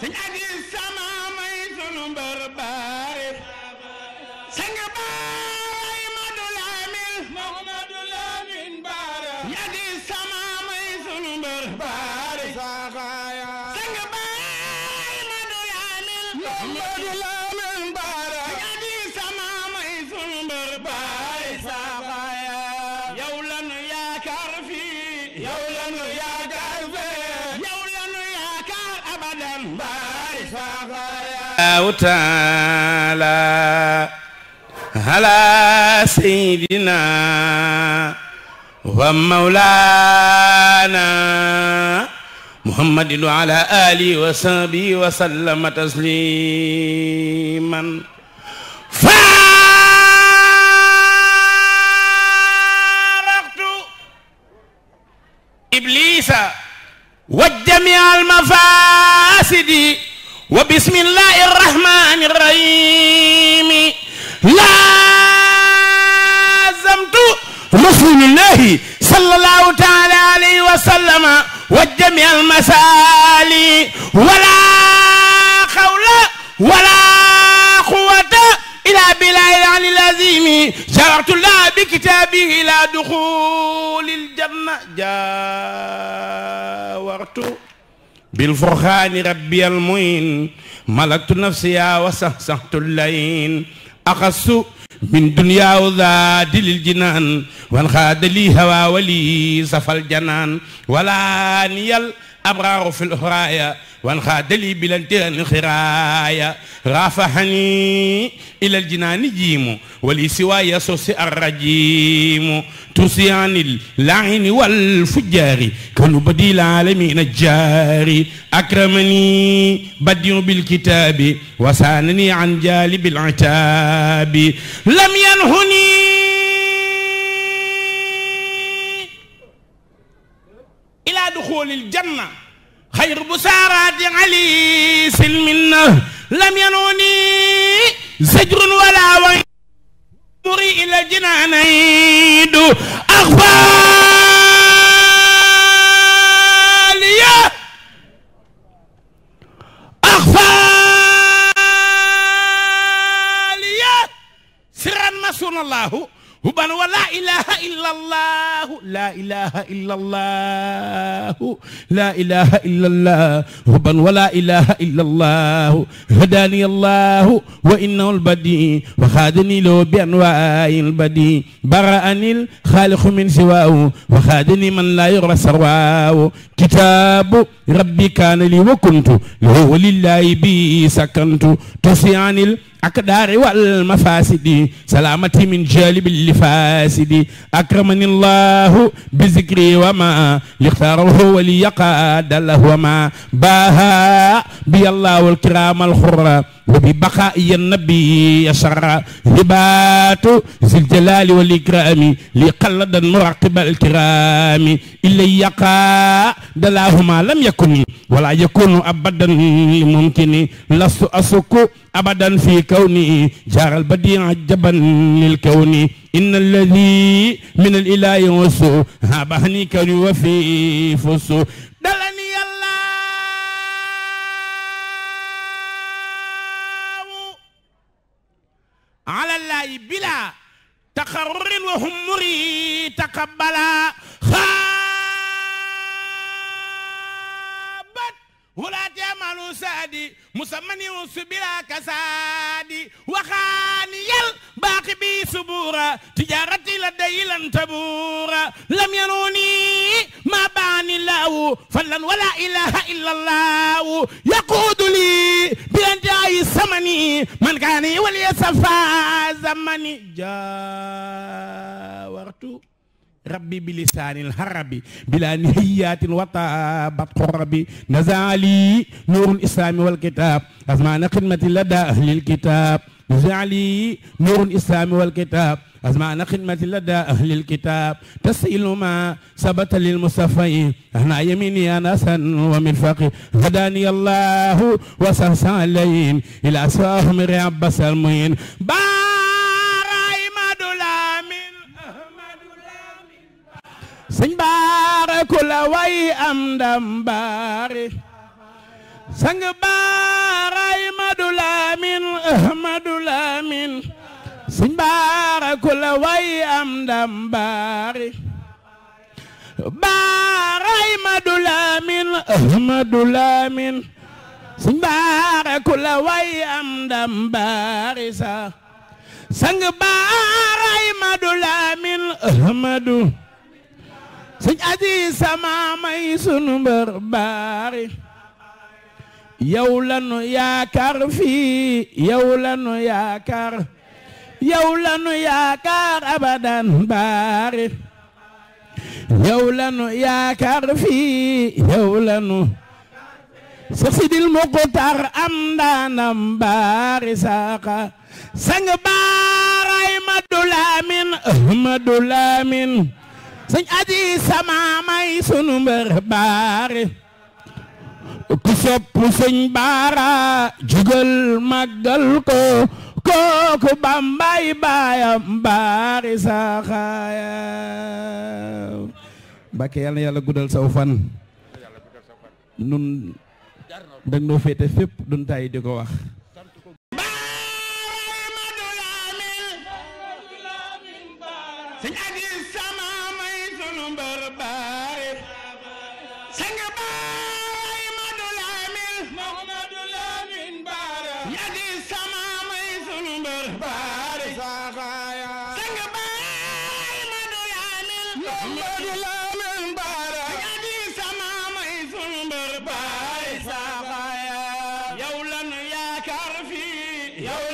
sëñ Aziz sama may sunu mbër baare sang baay Madu Lamin Madu Lamin baare sëñ Aziz sama may sunu mbër baare sang baay Madu Lamin Madu Lamin baare sëñ Aziz sama may sunu mbër baare yow lanu yaakaar fii الله تعالى على سيدنا ومولانا محمد وعلى آله وصحبه وسلم تسليما فارقت إبليس والجميع المفاسد wa bismillahi rahmani rahimi laazamtu rasulillahi sallallahu taala alayhi wa sallama wa jami almasali wala xawla wala quwata ila billahi ali lazimi jawartullah bi kitabihi ila duxuli aljanna jawartu bil furxaani rabbiyal muyin malaktu nafsiya wa saxsaxtu layin axasu min dunya wa zaadi lil jinaan wan xaada lii hawa wali safal janaan walaaniyal أبرار في الهرايا وانخاد لي بلنتين خرايا رافحني إلى الجنان جيم ولي سواي سوس الرجيم تسيان اللعن والفجار كن بدي العالمين الجاري أكرمني بدي بالكتاب وسانني عن جالب العتاب لم ينهني duxulil janna xayru bu saaraati ali silminna lam yanuni sajrun wala wa muri ila jinaanaydu axfaaliya axfaaliya siran nasunallahu huban wa laa ilaha illa allahu laa ilaha illa allahu laa ilaha illa allah huban wa laa ilaha illa allahu hadaani allahu wa innahu albadi wa xaadani loo bi anwaai albadi baraani alxaaliqu min siwaahu wa xaadani man laa yura sarwaahu kitaabu rabbi kaana li wa kuntu lahu walillahi bi sakantu tusianil akdaari wal mafaasidi salaamati min jaalibi للفاسد أكرمني الله بذكري وما يختاره وليقاد له وما باها بي الله الكرام الخرى وببقاء النبي يسرى هبات ذي الجلال والإكرام لقلد المراقب الكرام إلي يقاد لهما لم يكن wala yakunu abadan mumkini lastu asukku abadan fi kawni jaaral badia jaban lil kawni inna alladi min al ilahi wasu habani kawni wa fi fusu dalani allahu ala allahi bila taqarrurin wa humri taqabbala ولا تعملوا سادي مسمني وسبلا كسادي وخاني الباقي بي سبورا تجارتي لدي لن تبورا لم ينوني ما باني الله فلا ولا إله إلا الله يقود لي بأنجاي سمني من كان وليسفى زمني جاورت rabbi bi lisaanil harabi bila nihiyaatin wataabat xorabi nazaali nuurul islaami wal kitaab asmaana xidmati lada ahlil kitaab nazaali nuurul islaami wal kitaab asmaana xidmati lada ahlil kitaab tasilu ma sabata lil mustafay ana yamini anasan wa mirfaqi hadaani allahu wa sahsan layin ila sahmi rabba salmuyin ba sëñ baara ku la way am ndam baari sang baaray madu laamin ahmadu laamin sëñ baara ku la way am ndam baari baaray madu laamin ahmadu laamin sëñ baara ku la way am ndam baari sa sang baaray madu laamin ahmadu sëñ aji sama may sunu mbër baari yow lanu yaakaar fii yow lanu yaakaar yow lanu yaakaar abadan baari yow lanu yaakaar fii yow lanu Seex Sidil Muxtaar am ndaanam baari saaka sang baaraay Madu Lamin Madu Lamin sëñ aji sama may sunu mbër baare ku sopp sëñ baara jugal màggal ko kooku bambay baayam baari saxaaya mbàkke yal na yàlla guddal saw fan nun dag noo féete fépp dun tay di ko wax Señal ñadi sama may sunu mbër baari saxaaya sang baay ma du laamil ma du laamil baara ñadi sama may sunu mbër baari saxaaya yow lanu yaakaar fii